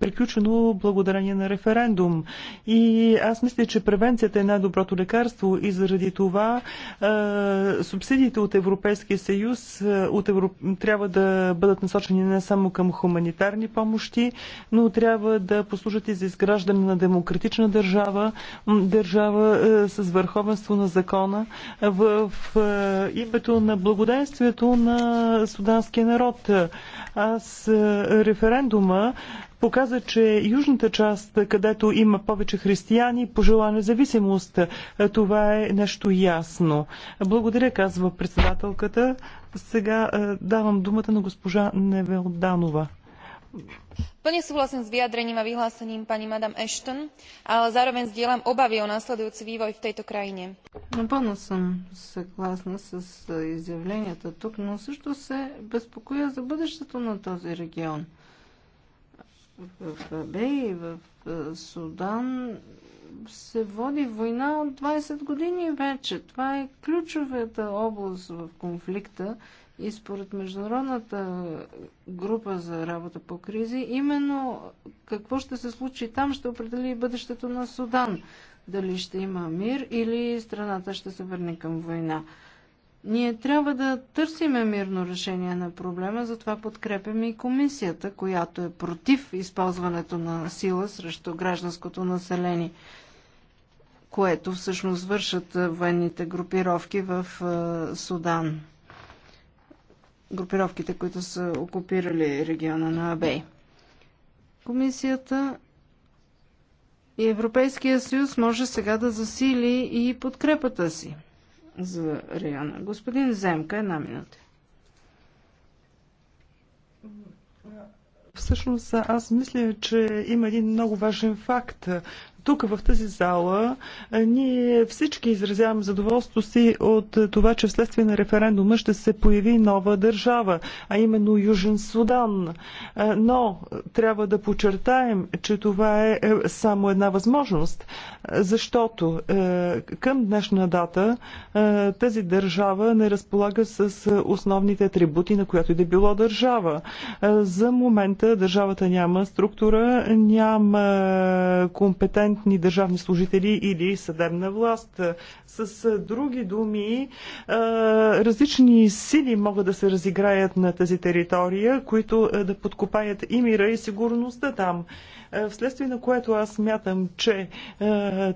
приключено благодарение на референдум. И аз мисля, че превенцията е най добра доброто лекарство и заради това а, субсидиите от Европейския съюз от Европ... трябва да бъдат насочени не само към хуманитарни помощи, но трябва да послужат и за изграждане на демократична държава, държава а, с върховенство на закона в, а, името на благоденствието на суданския народ. Аз а, референдума показа, че южната част, където има повече християни, пожела независимост. Това е нещо ясно. Благодаря, казва председателката. Сега е, давам думата на госпожа Невелданова. Плне súhlasím s vyjadrením a vyhlásením pani Madam Ashton, ale zároveň zdieľam obavy o následujúci vývoj v tejto krajine. Напълно съм съгласна с изявленията тук, но също се безпокоя за бъдещето на този регион в АБЕ и в Судан се води война от 20 години вече. Това е ключовата област в конфликта и според Международната група за работа по кризи, именно какво ще се случи там ще определи бъдещето на Судан. Дали ще има мир или страната ще се върне към война. Ние трябва да търсиме мирно решение на проблема, затова подкрепяме и комисията, която е против използването на сила срещу гражданското население, което всъщност вършат военните групировки в Судан. Групировките, които са окупирали региона на Абей. Комисията и Европейския съюз може сега да засили и подкрепата си за района. Господин Земка, една минута. Всъщност аз мисля, че има един много важен факт тук в тази зала ние всички изразяваме задоволство си от това, че вследствие на референдума ще се появи нова държава, а именно Южен Судан. Но трябва да подчертаем, че това е, е само една възможност, защото към днешна дата тази държава не разполага с основните атрибути на която и да било държава. За момента държавата няма структура, няма компетент компетентни държавни служители или съдебна власт. Е, с е, други думи, е, различни сили могат да се разиграят на тази територия, които да подкопаят и мира и сигурността там. Вследствие на което аз мятам, че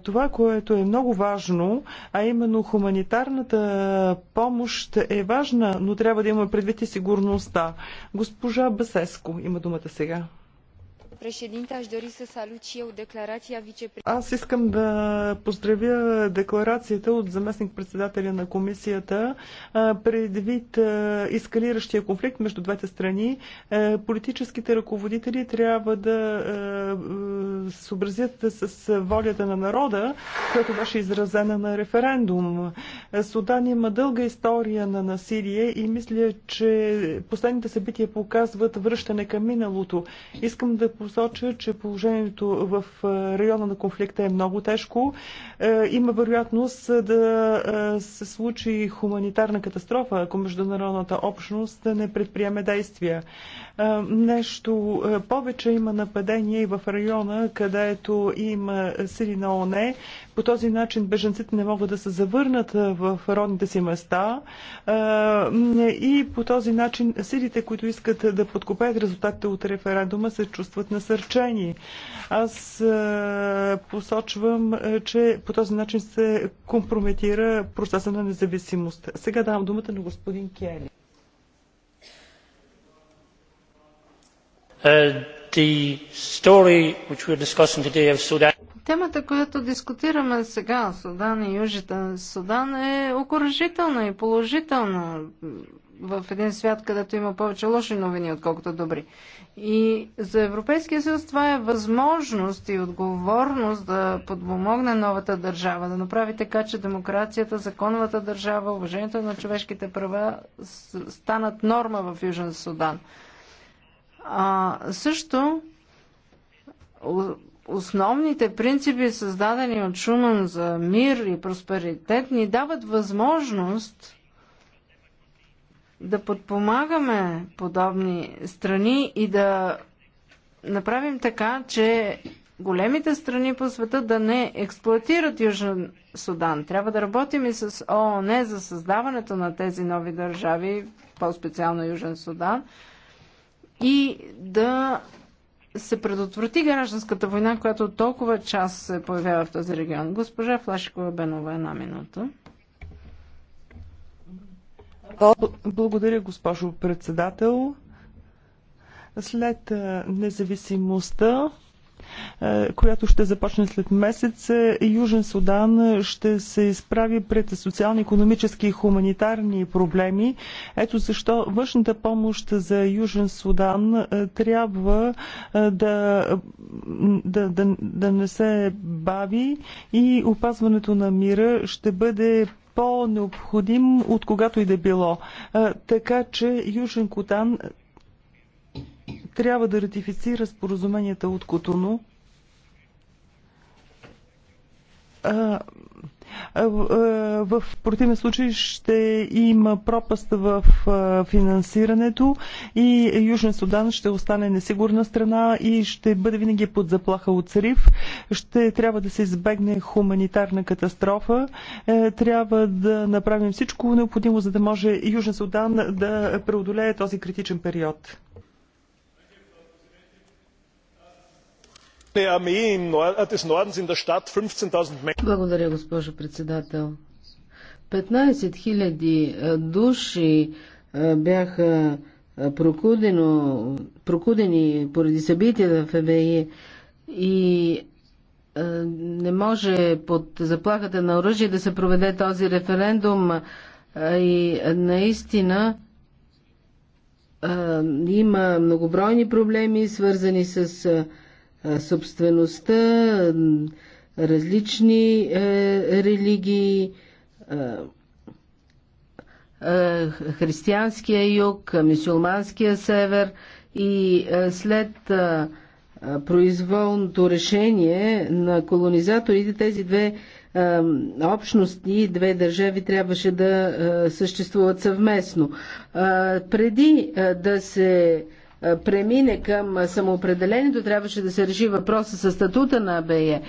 това, което е много важно, а именно хуманитарната помощ е важна, но трябва да има предвид и сигурността. Госпожа Басеско има думата сега a dori să salut i eu declaraia Аз искам да поздравя декларацията от заместник-председателя на комисията предвид ескалиращия конфликт между двете страни. Политическите ръководители трябва да съобразят с волята на народа, която беше изразена на референдум. Судан има дълга история на насилие и мисля, че последните събития показват връщане към миналото. Искам да поздравя посоча, че положението в района на конфликта е много тежко. Е, има вероятност да се случи хуманитарна катастрофа, ако международната общност не предприеме действия. Е, нещо е, повече има нападение и в района, където има сили на ОНЕ, по този начин беженците не могат да се завърнат в родните си места и по този начин силите, които искат да подкопаят резултатите от референдума, се чувстват насърчени. Аз посочвам, че по този начин се компрометира процеса на независимост. Сега давам думата на господин Кели. Uh, the story which we're discussing today of Sudan Темата, която дискутираме сега, Судан и Южитен Судан, е окоръжителна и положителна в един свят, където има повече лоши новини, отколкото добри. И за Европейския съюз това е възможност и отговорност да подпомогне новата държава, да направи така, че демокрацията, законовата държава, уважението на човешките права станат норма в Южен Судан. А, също основните принципи, създадени от Шуман за мир и просперитет, ни дават възможност да подпомагаме подобни страни и да направим така, че големите страни по света да не експлуатират Южен Судан. Трябва да работим и с ООН за създаването на тези нови държави, по-специално Южен Судан, и да се предотврати гражданската война, която толкова част се появява в този регион. Госпожа Флашикова Бенова, една минута. Благодаря, госпожо председател. След независимостта е, която ще започне след месец. Е, Южен Судан е, ще се изправи пред социално-економически и хуманитарни проблеми. Ето защо външната помощ за Южен Судан трябва да, да, да, да не се бави и опазването на мира ще бъде по-необходим от когато и да било. Така че Южен Котан трябва да ратифицира споразуменията от Котону. В противен случай ще има пропаст в финансирането и Южен Судан ще остане несигурна страна и ще бъде винаги под заплаха от срив. Ще трябва да се избегне хуманитарна катастрофа. Е, трябва да направим всичко необходимо, за да може Южен Судан да преодолее този критичен период. Äh, Благодаря, госпожо председател. 15 хиляди е, души е, бяха е, прокудено, прокудени поради събития в ЕБИ и не може под заплахата на оръжие да се проведе този референдум и наистина има многобройни проблеми, свързани с собствеността, различни е, религии, християнския юг, мисулманския север и след произволното решение на колонизаторите тези две общности, две държави трябваше да съществуват съвместно. Преди да се премине към самоопределението, трябваше да се реши въпроса с статута на АБЕ.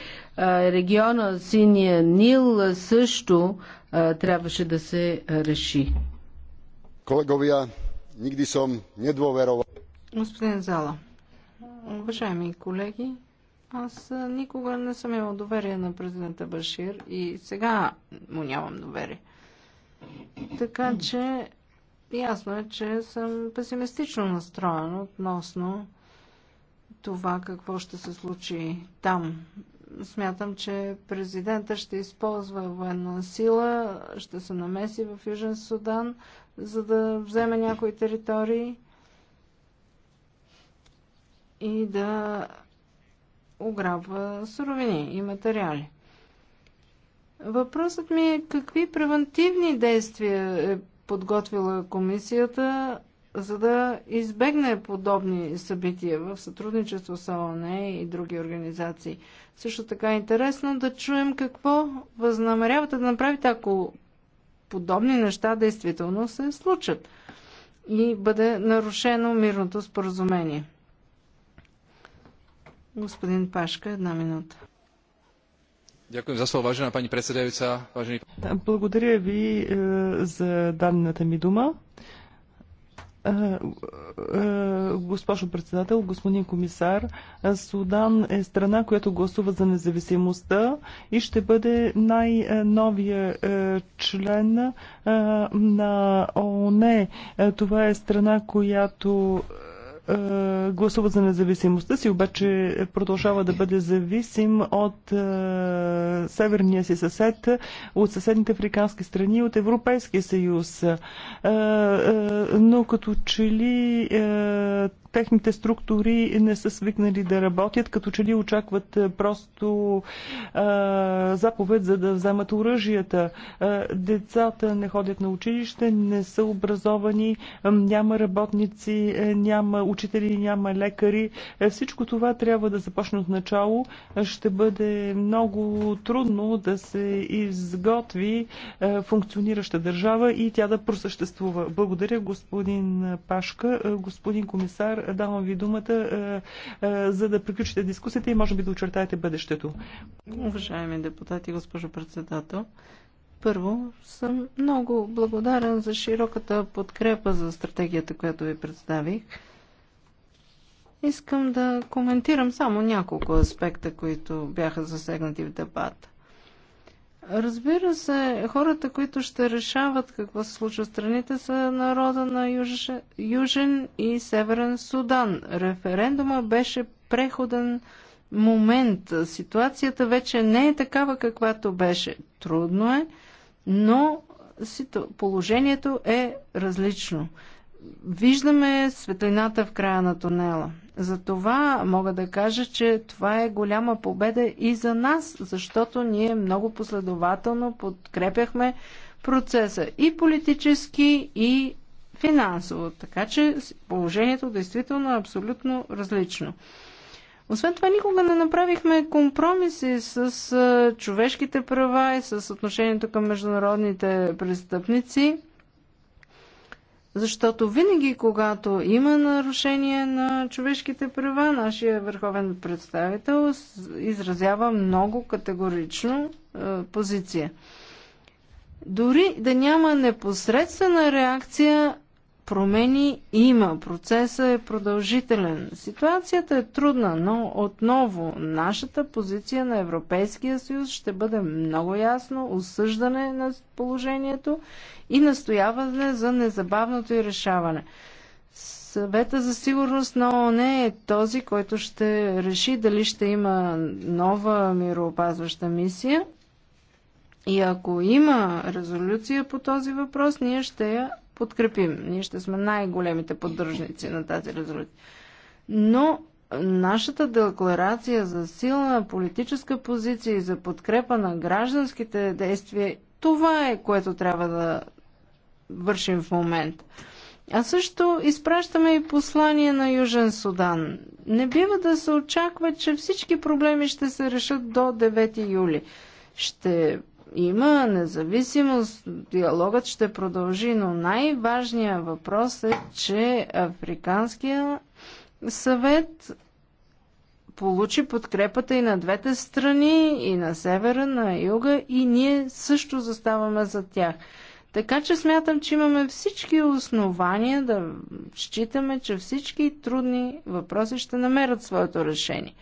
Региона Синия Нил също трябваше да се реши. Колеговия, никди съм не Господин Зала, уважаеми колеги, аз никога не съм имал доверие на президента Башир и сега му нямам доверие. Така че Ясно е, че съм песимистично настроен относно това какво ще се случи там. Смятам, че президента ще използва военна сила, ще се намеси в Южен Судан, за да вземе някои територии и да ограбва суровини и материали. Въпросът ми е какви превентивни действия е подготвила комисията, за да избегне подобни събития в сътрудничество с ООН и други организации. Също така е интересно да чуем какво възнамерявате да направите, ако подобни неща действително се случат и бъде нарушено мирното споразумение. Господин Пашка, една минута. Благодаря ви е, за данната ми дума. Е, е, госпожо председател, господин комисар, Судан е страна, която гласува за независимостта и ще бъде най-новия член на ООН. Това е страна, която е, гласува за независимостта си, обаче продължава да бъде зависим от е, северния си съсед, от съседните африкански страни, от Европейския съюз. Е, е, но като че ли е, техните структури не са свикнали да работят, като че ли очакват просто а, заповед за да вземат оръжията. А, децата не ходят на училище, не са образовани, няма работници, няма учители, няма лекари. Всичко това трябва да започне от начало. Ще бъде много трудно да се изготви функционираща държава и тя да просъществува. Благодаря господин Пашка, господин комисар давам ви думата, е, е, за да приключите дискусията и може би да очертаете бъдещето. Уважаеми депутати, госпожо председател, първо, съм много благодарен за широката подкрепа за стратегията, която ви представих. Искам да коментирам само няколко аспекта, които бяха засегнати в дебата. Разбира се, хората, които ще решават какво се случва в страните, са народа на Юж... Южен и Северен Судан. Референдума беше преходен момент. Ситуацията вече не е такава, каквато беше. Трудно е, но положението е различно виждаме светлината в края на тунела. Затова мога да кажа, че това е голяма победа и за нас, защото ние много последователно подкрепяхме процеса и политически, и финансово. Така че положението действително е абсолютно различно. Освен това, никога не направихме компромиси с човешките права и с отношението към международните престъпници. Защото винаги, когато има нарушение на човешките права, нашия върховен представител изразява много категорично е, позиция. Дори да няма непосредствена реакция, промени има. Процесът е продължителен. Ситуацията е трудна, но отново нашата позиция на Европейския съюз ще бъде много ясно осъждане на положението и настояване за незабавното и решаване. Съвета за сигурност на ООН е този, който ще реши дали ще има нова мироопазваща мисия. И ако има резолюция по този въпрос, ние ще я подкрепим. Ние ще сме най-големите поддръжници на тази резолюция. Но нашата декларация за силна политическа позиция и за подкрепа на гражданските действия, това е което трябва да вършим в момента. А също изпращаме и послание на Южен Судан. Не бива да се очаква, че всички проблеми ще се решат до 9 юли. Ще има независимост, диалогът ще продължи, но най-важният въпрос е, че Африканския съвет получи подкрепата и на двете страни, и на севера, на юга, и ние също заставаме за тях. Така че смятам, че имаме всички основания да считаме, че всички трудни въпроси ще намерят своето решение.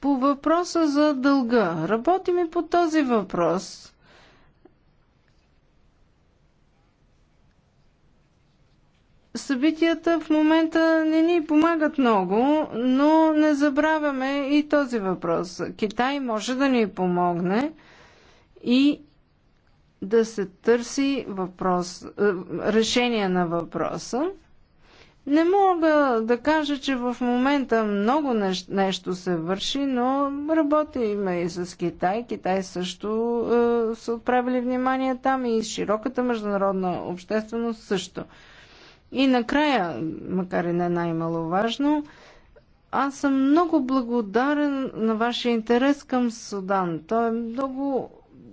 По въпроса за дълга. Работим и по този въпрос. Събитията в момента не ни помагат много, но не забравяме и този въпрос. Китай може да ни помогне и да се търси въпрос, е, решение на въпроса. Не мога да кажа, че в момента много нещо, нещо се върши, но работиме и с Китай. Китай също е, са отправили внимание там и широката международна общественост също. И накрая, макар и не най-маловажно, аз съм много благодарен на вашия интерес към Судан. Той е много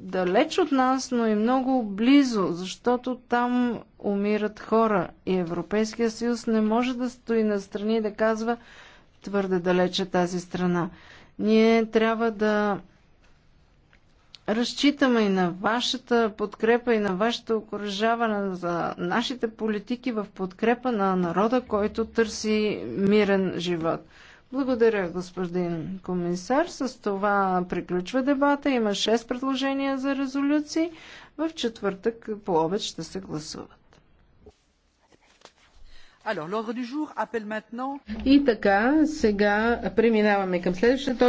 далеч от нас, но и много близо, защото там умират хора и Европейския съюз не може да стои на страни и да казва твърде далече тази страна. Ние трябва да разчитаме и на вашата подкрепа и на вашето окоръжаване за нашите политики в подкрепа на народа, който търси мирен живот. Благодаря, господин комисар. С това приключва дебата. Има 6 предложения за резолюции. В четвъртък по обед ще се гласуват. И така, сега преминаваме към следващата